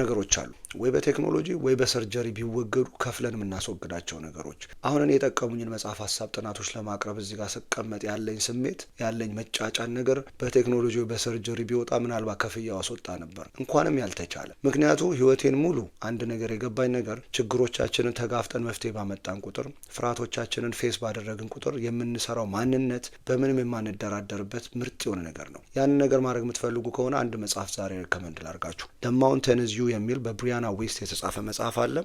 ነገሮች አሉ ወይ በቴክኖሎጂ ወይ በሰርጀሪ ቢወገዱ ከፍለን የምናስወግዳቸው ነገሮች። አሁን እኔ የጠቀሙኝን መጽሐፍ ሀሳብ ጥናቶች ለማቅረብ እዚህ ጋር ስቀመጥ ያለኝ ስሜት ያለኝ መጫጫን ነገር በቴክኖሎጂ ወይ በሰርጀሪ ቢወጣ ምናልባት ከፍያ አስወጣ ነበር። እንኳንም ያልተቻለ ምክንያቱ ህይወቴን ሙሉ አንድ ነገር የገባኝ ነገር ችግሮቻችንን ተጋፍጠን መፍትሄ ባመጣን ቁጥር ፍርሃቶቻችንን ፌስ ባደረግን ቁጥር የምንሰራው ማንነት በምንም የማንደራደርበት ምርጥ የሆነ ነገር ነው። ያንን ነገር ማድረግ የምትፈልጉ ከሆነ አንድ መጽሐፍ ዛሬ ሪከመንድ ላርጋችሁ ደማውን ቴነዚ እንደዚሁ የሚል በብሪያና ዌስት የተጻፈ መጽሐፍ አለ።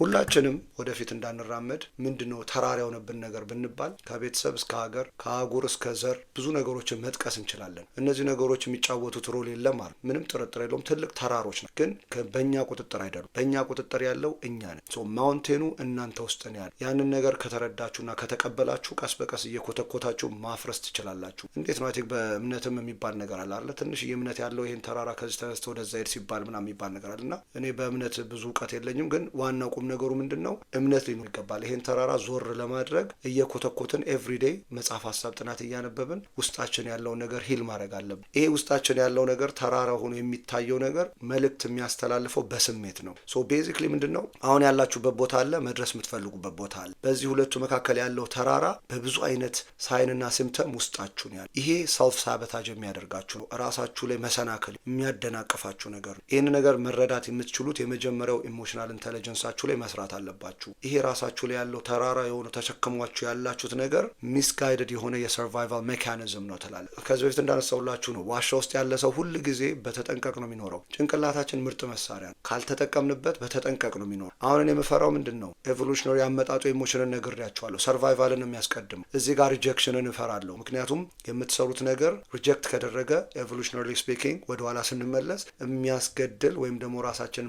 ሁላችንም ወደፊት እንዳንራመድ ምንድነው ተራር የሆነብን ነገር ብንባል ከቤተሰብ እስከ ሀገር ከአህጉር እስከ ዘር ብዙ ነገሮችን መጥቀስ እንችላለን። እነዚህ ነገሮች የሚጫወቱት ሮል የለም አለ ምንም ጥርጥር የለውም። ትልቅ ተራሮች ነው፣ ግን በእኛ ቁጥጥር አይደሉም። በእኛ ቁጥጥር ያለው እኛ ነን። ማውንቴኑ እናንተ ውስጥ ነው ያለ። ያንን ነገር ከተረዳችሁና ከተቀበላችሁ ቀስ በቀስ እየኮተኮታችሁ ማፍረስ ትችላላችሁ። እንዴት ነው በእምነትም የሚባል ነገር አለ አለ ትንሽ እምነት ያለው ይህን ተራራ ከዚህ ተነስተ ወደዛ ሄድ ሲባል ምናምን የሚባል ነገር ይኖራል እና እኔ በእምነት ብዙ እውቀት የለኝም፣ ግን ዋናው ቁም ነገሩ ምንድን ነው? እምነት ሊኖር ይገባል። ይሄን ተራራ ዞር ለማድረግ እየኮተኮትን ኤቭሪዴይ መጽሐፍ ሀሳብ ጥናት እያነበብን ውስጣችን ያለውን ነገር ሂል ማድረግ አለብን። ይሄ ውስጣችን ያለው ነገር ተራራ ሆኖ የሚታየው ነገር መልእክት የሚያስተላልፈው በስሜት ነው። ሶ ቤዚክሊ ምንድን ነው አሁን ያላችሁበት ቦታ አለ፣ መድረስ የምትፈልጉበት ቦታ አለ። በዚህ ሁለቱ መካከል ያለው ተራራ በብዙ አይነት ሳይንና ሲምተም ውስጣችሁን ያለ ይሄ ሰልፍ ሳበታጅ የሚያደርጋችሁ ነው። እራሳችሁ ላይ መሰናክል የሚያደናቅፋችሁ ነገር ነው። ይህን ነገር መረዳት የምትችሉት የመጀመሪያው ኢሞሽናል ኢንተለጀንሳችሁ ላይ መስራት አለባችሁ። ይሄ ራሳችሁ ላይ ያለው ተራራ የሆነ ተሸክሟችሁ ያላችሁት ነገር ሚስጋይደድ የሆነ የሰርቫይቫል ሜካኒዝም ነው ትላለ። ከዚህ በፊት እንዳነሳውላችሁ ነው ዋሻ ውስጥ ያለ ሰው ሁል ጊዜ በተጠንቀቅ ነው የሚኖረው። ጭንቅላታችን ምርጥ መሳሪያ ነው፣ ካልተጠቀምንበት በተጠንቀቅ ነው የሚኖረው። አሁን የምፈራው ምንድን ነው? ኤቮሉሽነሪ አመጣጡ ኢሞሽንን ነግሬያችኋለሁ። ሰርቫይቫልን የሚያስቀድም እዚህ ጋር ሪጀክሽንን እፈራለሁ። ምክንያቱም የምትሰሩት ነገር ሪጀክት ከደረገ ኤቮሉሽነሪ ስፒኪንግ ወደኋላ ስንመለስ የሚያስገድል ወይም ደግሞ ራሳችን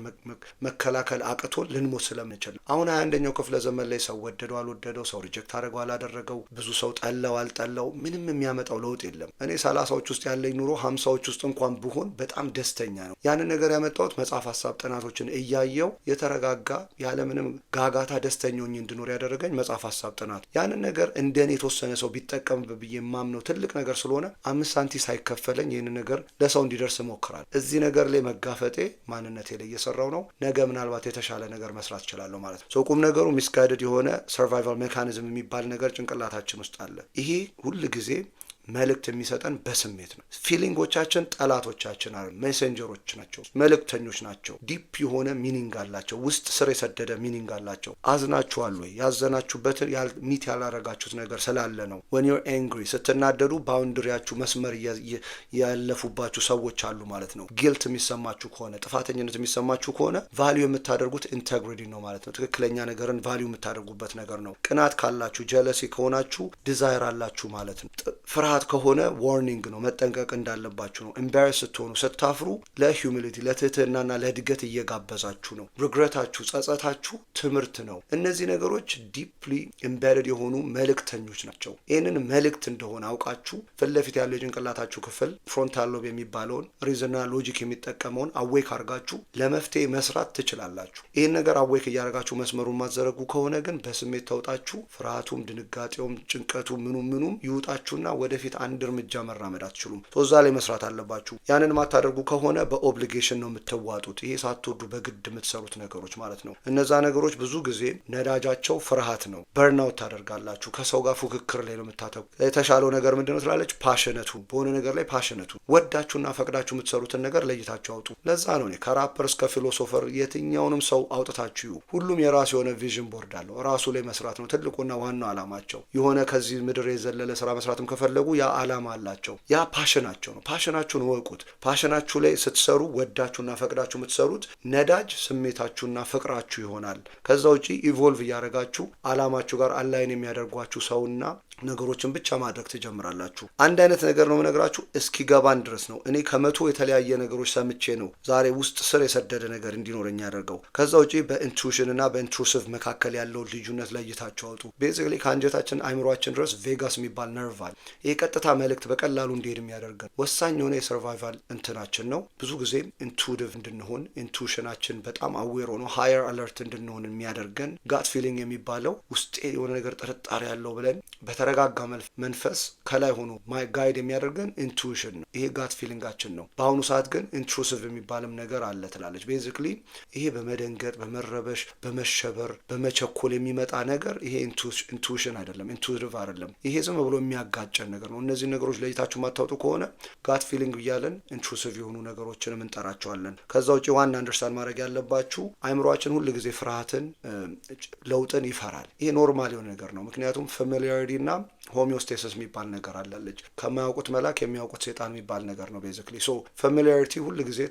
መከላከል አቅቶ ልንሞት ስለምንችል አሁን ሀያ አንደኛው ክፍለ ዘመን ላይ ሰው ወደደው አልወደደው፣ ሰው ሪጀክት አድርገው አላደረገው፣ ብዙ ሰው ጠላው አልጠላው፣ ምንም የሚያመጣው ለውጥ የለም። እኔ ሰላሳዎች ውስጥ ያለኝ ኑሮ ሀምሳዎች ውስጥ እንኳን ብሆን በጣም ደስተኛ ነው። ያንን ነገር ያመጣሁት መጽሐፍ ሀሳብ ጥናቶችን እያየው የተረጋጋ ያለምንም ጋጋታ ደስተኞኝ እንድኖር ያደረገኝ መጽሐፍ ሀሳብ ጥናት ያንን ነገር እንደኔ የተወሰነ ሰው ቢጠቀምበት ብዬ የማምነው ትልቅ ነገር ስለሆነ አምስት ሳንቲ ሳይከፈለኝ ይህን ነገር ለሰው እንዲደርስ እሞክራለሁ። እዚህ ነገር ላይ መጋፈጤ ማን ማንነቴ ላይ እየሰራው ነው። ነገ ምናልባት የተሻለ ነገር መስራት እችላለሁ ማለት ነው። ቁም ነገሩ ሚስጋይድድ የሆነ ሰርቫይቫል ሜካኒዝም የሚባል ነገር ጭንቅላታችን ውስጥ አለ። ይሄ ሁል ጊዜ መልእክት የሚሰጠን በስሜት ነው። ፊሊንጎቻችን ጠላቶቻችን አይደል፣ ሜሴንጀሮች ናቸው፣ መልእክተኞች ናቸው። ዲፕ የሆነ ሚኒንግ አላቸው፣ ውስጥ ስር የሰደደ ሚኒንግ አላቸው። አዝናችኋል ወይ? ያዘናችሁበትን ሚት ያላረጋችሁት ነገር ስላለ ነው። ወን ዩር ኤንግሪ፣ ስትናደዱ ባውንድሪያችሁ መስመር ያለፉባችሁ ሰዎች አሉ ማለት ነው። ጊልት የሚሰማችሁ ከሆነ ጥፋተኝነት የሚሰማችሁ ከሆነ ቫሊዩ የምታደርጉት ኢንቴግሪቲ ነው ማለት ነው። ትክክለኛ ነገርን ቫሊዩ የምታደርጉበት ነገር ነው። ቅናት ካላችሁ፣ ጀለሲ ከሆናችሁ ዲዛይር አላችሁ ማለት ነው። ፍርሃ ፍርሃት ከሆነ ዋርኒንግ ነው፣ መጠንቀቅ እንዳለባችሁ ነው። ኤምባረስ ስትሆኑ ስታፍሩ፣ ለሂውሚሊቲ ለትህትናና ለእድገት እየጋበዛችሁ ነው። ሪግረታችሁ፣ ጸጸታችሁ ትምህርት ነው። እነዚህ ነገሮች ዲፕሊ ኢምቤድድ የሆኑ መልእክተኞች ናቸው። ይህንን መልእክት እንደሆነ አውቃችሁ ፊት ለፊት ያለው የጭንቅላታችሁ ክፍል ፍሮንታል ሎብ የሚባለውን ሪዝንና ሎጂክ የሚጠቀመውን አዌክ አድርጋችሁ ለመፍትሄ መስራት ትችላላችሁ። ይህን ነገር አዌክ እያደረጋችሁ መስመሩን ማዘረጉ ከሆነ ግን በስሜት ተውጣችሁ ፍርሃቱም ድንጋጤውም ጭንቀቱ ምኑ ምኑም ይውጣችሁና ወደፊት ወደፊት አንድ እርምጃ መራመድ አትችሉም። እዛ ላይ መስራት አለባችሁ። ያንን ማታደርጉ ከሆነ በኦብሊጌሽን ነው የምትዋጡት። ይሄ ሳትወዱ በግድ የምትሰሩት ነገሮች ማለት ነው። እነዛ ነገሮች ብዙ ጊዜ ነዳጃቸው ፍርሃት ነው። በርናውት ታደርጋላችሁ። ከሰው ጋር ፉክክር ላይ ነው የምታተኩ። የተሻለው ነገር ምንድነው ትላለች? ፓሽነቱ በሆነ ነገር ላይ ፓሽነቱ ወዳችሁና ፈቅዳችሁ የምትሰሩትን ነገር ለይታችሁ አውጡ። ለዛ ነው ከራፐር እስከ ፊሎሶፈር የትኛውንም ሰው አውጥታችሁ ሁሉም የራሱ የሆነ ቪዥን ቦርድ አለው። ራሱ ላይ መስራት ነው ትልቁና ዋናው አላማቸው። የሆነ ከዚህ ምድር የዘለለ ስራ መስራትም ከፈለጉ ያ ዓላማ አላቸው። ያ ፓሽናቸው ነው። ፓሽናችሁን እወቁት። ፓሽናችሁ ላይ ስትሰሩ ወዳችሁና ፈቅዳችሁ የምትሰሩት ነዳጅ ስሜታችሁና ፍቅራችሁ ይሆናል። ከዛ ውጪ ኢቮልቭ እያደረጋችሁ ዓላማችሁ ጋር አላይን የሚያደርጓችሁ ሰውና ነገሮችን ብቻ ማድረግ ትጀምራላችሁ። አንድ አይነት ነገር ነው የምነግራችሁ እስኪገባን ድረስ ነው። እኔ ከመቶ የተለያየ ነገሮች ሰምቼ ነው ዛሬ ውስጥ ስር የሰደደ ነገር እንዲኖረኝ ያደርገው። ከዛ ውጪ በኢንትሩሽን እና በኢንትሩሲቭ መካከል ያለውን ልዩነት ለይታችሁ አውጡ። ቤዚክሊ ከአንጀታችን አይምሯችን ድረስ ቬጋስ የሚባል ነርቭ አለ። ይህ ቀጥታ መልእክት በቀላሉ እንዲሄድ የሚያደርገን ወሳኝ የሆነ የሰርቫይቫል እንትናችን ነው። ብዙ ጊዜም ኢንቱቲቭ እንድንሆን ኢንቱሽናችን በጣም አዌር ሆኖ ሃየር አለርት እንድንሆን የሚያደርገን ጋት ፊሊንግ የሚባለው ውስጤ የሆነ ነገር ጥርጣሬ ያለው ብለን በተረጋጋ መንፈስ ከላይ ሆኖ ማይ ጋይድ የሚያደርገን ኢንቱዊሽን ነው። ይሄ ጋት ፊሊንጋችን ነው። በአሁኑ ሰዓት ግን ኢንትሩሲቭ የሚባልም ነገር አለ ትላለች። ቤዚክሊ ይሄ በመደንገጥ በመረበሽ፣ በመሸበር፣ በመቸኮል የሚመጣ ነገር ይሄ ኢንቱዊሽን አይደለም፣ ኢንቱቲቭ አይደለም። ይሄ ዝም ብሎ የሚያጋጨን ነገር ነገር ነው። እነዚህ ነገሮች ለይታችሁ ማታወጡ ከሆነ ጋት ፊሊንግ እያለን ኢንትሩሲቭ የሆኑ ነገሮችንም እንጠራቸዋለን። ከዛ ውጭ ዋና አንደርስታንድ ማድረግ ያለባችሁ አይምሯችን ሁል ጊዜ ፍርሃትን፣ ለውጥን ይፈራል። ይሄ ኖርማል የሆነ ነገር ነው። ምክንያቱም ፋሚሊያሪቲ እና ሆሚዮስቴሲስ የሚባል ነገር አላለች። ከማያውቁት መላክ የሚያውቁት ሴጣን የሚባል ነገር ነው። ቤዚክሊ ሶ ፋሚሊያሪቲ ሁል ጊዜ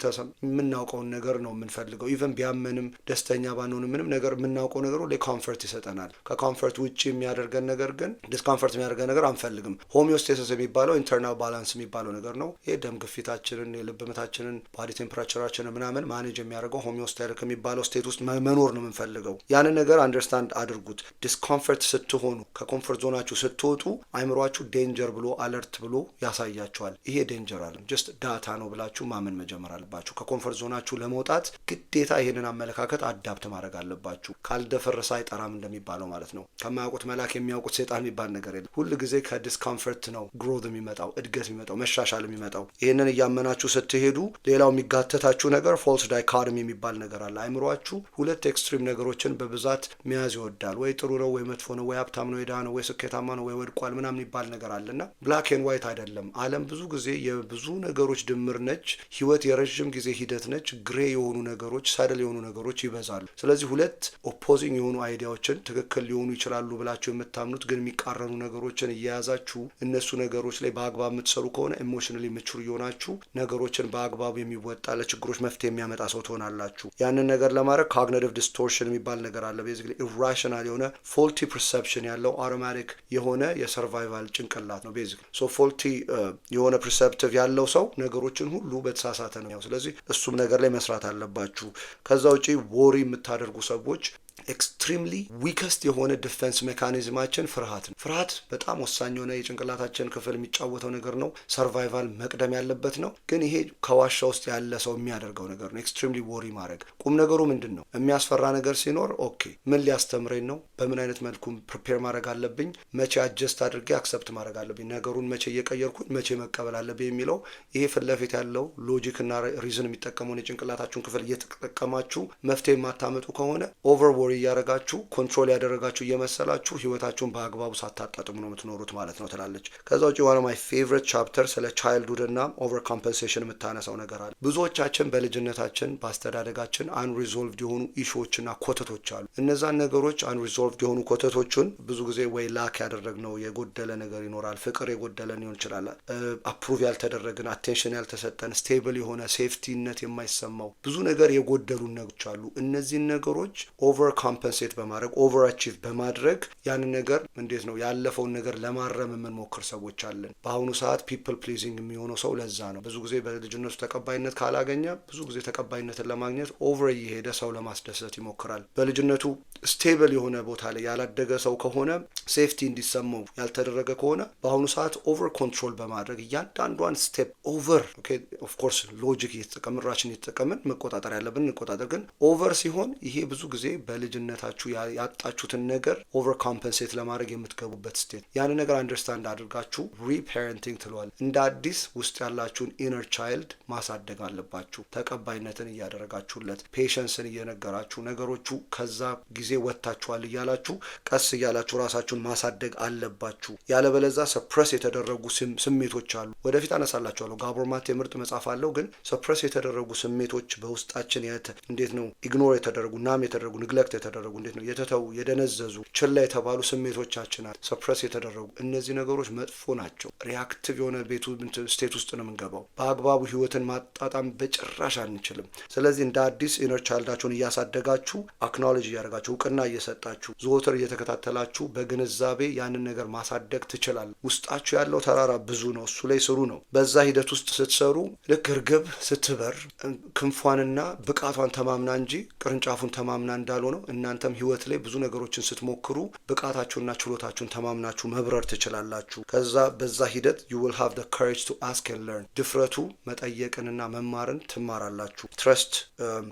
የምናውቀውን ነገር ነው የምንፈልገው። ኢቨን ቢያመንም ደስተኛ ባንሆን ምንም ነገር የምናውቀው ነገር ሁሌ ኮንፈርት ይሰጠናል። ከኮምፈርት ውጭ የሚያደርገን ነገር ግን ዲስኮንፈርት የሚያደርገን ነገር አንፈልግም። ሆሚዮ ሆሜስቴሲስ የሚባለው ኢንተርናል ባላንስ የሚባለው ነገር ነው። ይህ ደም ግፊታችንን፣ የልብ ምታችንን፣ ባዲ ቴምፐራቸራችንን ምናምን ማኔጅ የሚያደርገው ሆሜስቴሪክ የሚባለው ስቴት ውስጥ መኖር ነው የምንፈልገው። ያንን ነገር አንደርስታንድ አድርጉት። ዲስኮምፈርት ስትሆኑ፣ ከኮንፈርት ዞናችሁ ስትወጡ አይምሯችሁ ዴንጀር ብሎ አለርት ብሎ ያሳያችኋል። ይሄ ዴንጀር አለም ጀስት ዳታ ነው ብላችሁ ማመን መጀመር አለባችሁ። ከኮምፈርት ዞናችሁ ለመውጣት ግዴታ ይሄንን አመለካከት አዳብት ማድረግ አለባችሁ። ካልደፈረሰ አይጠራም እንደሚባለው ማለት ነው። ከማያውቁት መልአክ የሚያውቁት ሴጣን የሚባል ነገር የለም። ሁል ጊዜ ከዲስኮምፈርት ነው ግሮዝ የሚመጣው እድገት የሚመጣው መሻሻል የሚመጣው። ይህንን እያመናችሁ ስትሄዱ ሌላው የሚጋተታችሁ ነገር ፎልስ ዳይካርም የሚባል ነገር አለ። አይምሯችሁ ሁለት ኤክስትሪም ነገሮችን በብዛት መያዝ ይወዳል። ወይ ጥሩ ነው፣ ወይ መጥፎ ነው፣ ወይ ሀብታም ነው፣ ወይ ድሃ ነው፣ ወይ ስኬታማ ነው፣ ወይ ወድቋል ምናምን የሚባል ነገር አለና ብላክ ን ዋይት አይደለም። ዓለም ብዙ ጊዜ የብዙ ነገሮች ድምር ነች። ህይወት የረዥም ጊዜ ሂደት ነች። ግሬ የሆኑ ነገሮች፣ ሳደል የሆኑ ነገሮች ይበዛሉ። ስለዚህ ሁለት ኦፖዚንግ የሆኑ አይዲያዎችን ትክክል ሊሆኑ ይችላሉ ብላችሁ የምታምኑት ግን የሚቃረኑ ነገሮችን እየያዛችሁ እነሱ በእነሱ ነገሮች ላይ በአግባብ የምትሰሩ ከሆነ ኢሞሽናሊ ምቹር እየሆናችሁ ነገሮችን በአግባቡ የሚወጣ ለችግሮች መፍትሄ የሚያመጣ ሰው ትሆናላችሁ። ያንን ነገር ለማድረግ ካግነቲቭ ዲስቶርሽን የሚባል ነገር አለ። ቤዚክሊ ኢራሽናል የሆነ ፎልቲ ፐርሰፕሽን ያለው አውቶማቲክ የሆነ የሰርቫይቫል ጭንቅላት ነው። ቤዚክሊ ሶ ፎልቲ የሆነ ፐርሰፕቲቭ ያለው ሰው ነገሮችን ሁሉ በተሳሳተ ነው። ስለዚህ እሱም ነገር ላይ መስራት አለባችሁ። ከዛ ውጪ ወሪ የምታደርጉ ሰዎች ኤክስትሪምሊ ዊከስት የሆነ ዲፌንስ ሜካኒዝማችን ፍርሃት ነው። ፍርሃት በጣም ወሳኝ የሆነ የጭንቅላታችን ክፍል የሚጫወተው ነገር ነው። ሰርቫይቫል መቅደም ያለበት ነው። ግን ይሄ ከዋሻ ውስጥ ያለ ሰው የሚያደርገው ነገር ነው። ኤክስትሪምሊ ወሪ ማድረግ። ቁም ነገሩ ምንድን ነው? የሚያስፈራ ነገር ሲኖር ኦኬ፣ ምን ሊያስተምረኝ ነው? በምን አይነት መልኩ ፕሪፔር ማድረግ አለብኝ? መቼ አጀስት አድርጌ አክሰፕት ማድረግ አለብኝ? ነገሩን መቼ እየቀየርኩኝ፣ መቼ መቀበል አለብኝ የሚለው ይሄ ፊት ለፊት ያለው ሎጂክና ሪዝን የሚጠቀመውን የጭንቅላታችሁን ክፍል እየተጠቀማችሁ መፍትሄ የማታመጡ ከሆነ ኦቨር ወሪ እያደረጋችሁ ኮንትሮል ያደረጋችሁ እየመሰላችሁ ህይወታችሁን በአግባቡ ሳታጣጥሙ ነው የምትኖሩት ማለት ነው ትላለች። ከዛ ውጭ የሆነ ማይ ፌቨሪት ቻፕተር ስለ ቻይልድሁድ እና ኦቨር ኮምፐንሴሽን የምታነሳው ነገር አለ። ብዙዎቻችን በልጅነታችን በአስተዳደጋችን አንሪዞልቭድ የሆኑ ኢሹዎችና ኮተቶች አሉ። እነዛን ነገሮች አንሪዞልቭድ የሆኑ ኮተቶችን ብዙ ጊዜ ወይ ላክ ያደረግነው የጎደለ ነገር ይኖራል። ፍቅር የጎደለን ሊሆን ይችላል። አፕሩቭ ያልተደረግን፣ አቴንሽን ያልተሰጠን፣ ስቴብል የሆነ ሴፍቲነት የማይሰማው ብዙ ነገር የጎደሉን ነገሮች አሉ። እነዚህን ነገሮች ኦቨር ኮምፐንሴት በማድረግ ኦቨር አቺቭ በማድረግ ያንን ነገር እንዴት ነው ያለፈውን ነገር ለማረም የምንሞክር ሰዎች አለን። በአሁኑ ሰዓት ፒፕል ፕሊዚንግ የሚሆነው ሰው ለዛ ነው። ብዙ ጊዜ በልጅነቱ ተቀባይነት ካላገኘ ብዙ ጊዜ ተቀባይነትን ለማግኘት ኦቨር እየሄደ ሰው ለማስደሰት ይሞክራል። በልጅነቱ ስቴብል የሆነ ቦታ ላይ ያላደገ ሰው ከሆነ ሴፍቲ እንዲሰማው ያልተደረገ ከሆነ በአሁኑ ሰዓት ኦቨር ኮንትሮል በማድረግ እያንዳንዷን ስቴፕ ኦቨር ኦፍኮርስ ሎጂክ እየተጠቀምን ራችን እየተጠቀምን መቆጣጠር ያለብን እንቆጣጠር። ግን ኦቨር ሲሆን ይሄ ብዙ ጊዜ በ በልጅነታችሁ ያጣችሁትን ነገር ኦቨር ኮምፐንሴት ለማድረግ የምትገቡበት ስቴት ያን ነገር አንደርስታንድ አድርጋችሁ ሪፓረንቲንግ ትለዋል። እንደ አዲስ ውስጥ ያላችሁን ኢነር ቻይልድ ማሳደግ አለባችሁ። ተቀባይነትን እያደረጋችሁለት፣ ፔሸንስን እየነገራችሁ፣ ነገሮቹ ከዛ ጊዜ ወጥታችኋል እያላችሁ ቀስ እያላችሁ ራሳችሁን ማሳደግ አለባችሁ። ያለበለዛ ሰፕረስ የተደረጉ ስሜቶች አሉ። ወደፊት አነሳላችኋለሁ። ጋቦር ማቴ ምርጥ መጽሐፍ አለው። ግን ሰፕረስ የተደረጉ ስሜቶች በውስጣችን እንዴት ነው ኢግኖር የተደረጉ ናም የተደረጉ ንግለክት ሪፍሌክት የተደረጉ እንዴት ነው የተተው የደነዘዙ ችላ የተባሉ ስሜቶቻችን ሰፕረስ የተደረጉ እነዚህ ነገሮች መጥፎ ናቸው። ሪያክቲቭ የሆነ ቤቱ ስቴት ውስጥ ነው የምንገባው። በአግባቡ ህይወትን ማጣጣም በጭራሽ አንችልም። ስለዚህ እንደ አዲስ ኢነር ቻይልዳችሁን እያሳደጋችሁ አክኖሎጂ እያደረጋችሁ እውቅና እየሰጣችሁ ዘወትር እየተከታተላችሁ በግንዛቤ ያንን ነገር ማሳደግ ትችላል። ውስጣችሁ ያለው ተራራ ብዙ ነው። እሱ ላይ ስሩ ነው። በዛ ሂደት ውስጥ ስትሰሩ ልክ እርግብ ስትበር ክንፏንና ብቃቷን ተማምና እንጂ ቅርንጫፉን ተማምና እንዳልሆነው እናንተም ህይወት ላይ ብዙ ነገሮችን ስትሞክሩ ብቃታችሁና ችሎታችሁን ተማምናችሁ መብረር ትችላላችሁ። ከዛ በዛ ሂደት ዩ ዊል ሃቭ ዘ ካሬጅ ቱ አስክ ኤንድ ለርን ድፍረቱ መጠየቅንና መማርን ትማራላችሁ። ትረስት um,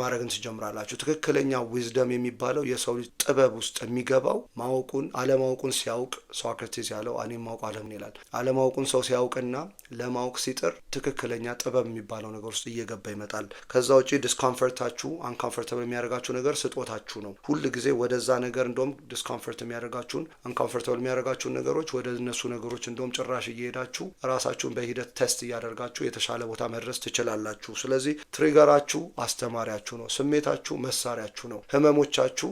ማድረግን ትጀምራላችሁ። ትክክለኛ ዊዝደም የሚባለው የሰው ልጅ ጥበብ ውስጥ የሚገባው ማወቁን አለማወቁን ሲያውቅ ሶክራቴስ ያለው እኔ ማውቅ አለምን ይላል። አለማወቁን ሰው ሲያውቅና ለማወቅ ሲጥር ትክክለኛ ጥበብ የሚባለው ነገር ውስጥ እየገባ ይመጣል። ከዛ ውጪ ዲስኮንፈርታችሁ አንኮንፈርታብል የሚያደርጋችሁ ነገር ስጦታችሁ ነው። ሁል ጊዜ ወደዛ ነገር እንደውም ዲስኮምፈርት የሚያደርጋችሁን አንኮምፈርተብል የሚያደርጋችሁን ነገሮች ወደ እነሱ ነገሮች እንደውም ጭራሽ እየሄዳችሁ ራሳችሁን በሂደት ቴስት እያደርጋችሁ የተሻለ ቦታ መድረስ ትችላላችሁ። ስለዚህ ትሪገራችሁ አስተማሪያችሁ ነው። ስሜታችሁ መሳሪያችሁ ነው። ህመሞቻችሁ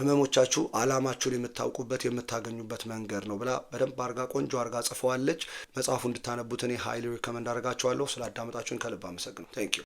ህመሞቻችሁ አላማችሁን የምታውቁበት የምታገኙበት መንገድ ነው ብላ በደንብ አርጋ ቆንጆ አርጋ ጽፈዋለች። መጽሐፉ እንድታነቡት እኔ ሀይሊ ሪኮመንድ አድርጋችኋለሁ። ስለ ከልብ አመሰግነው። ታንክ ዩ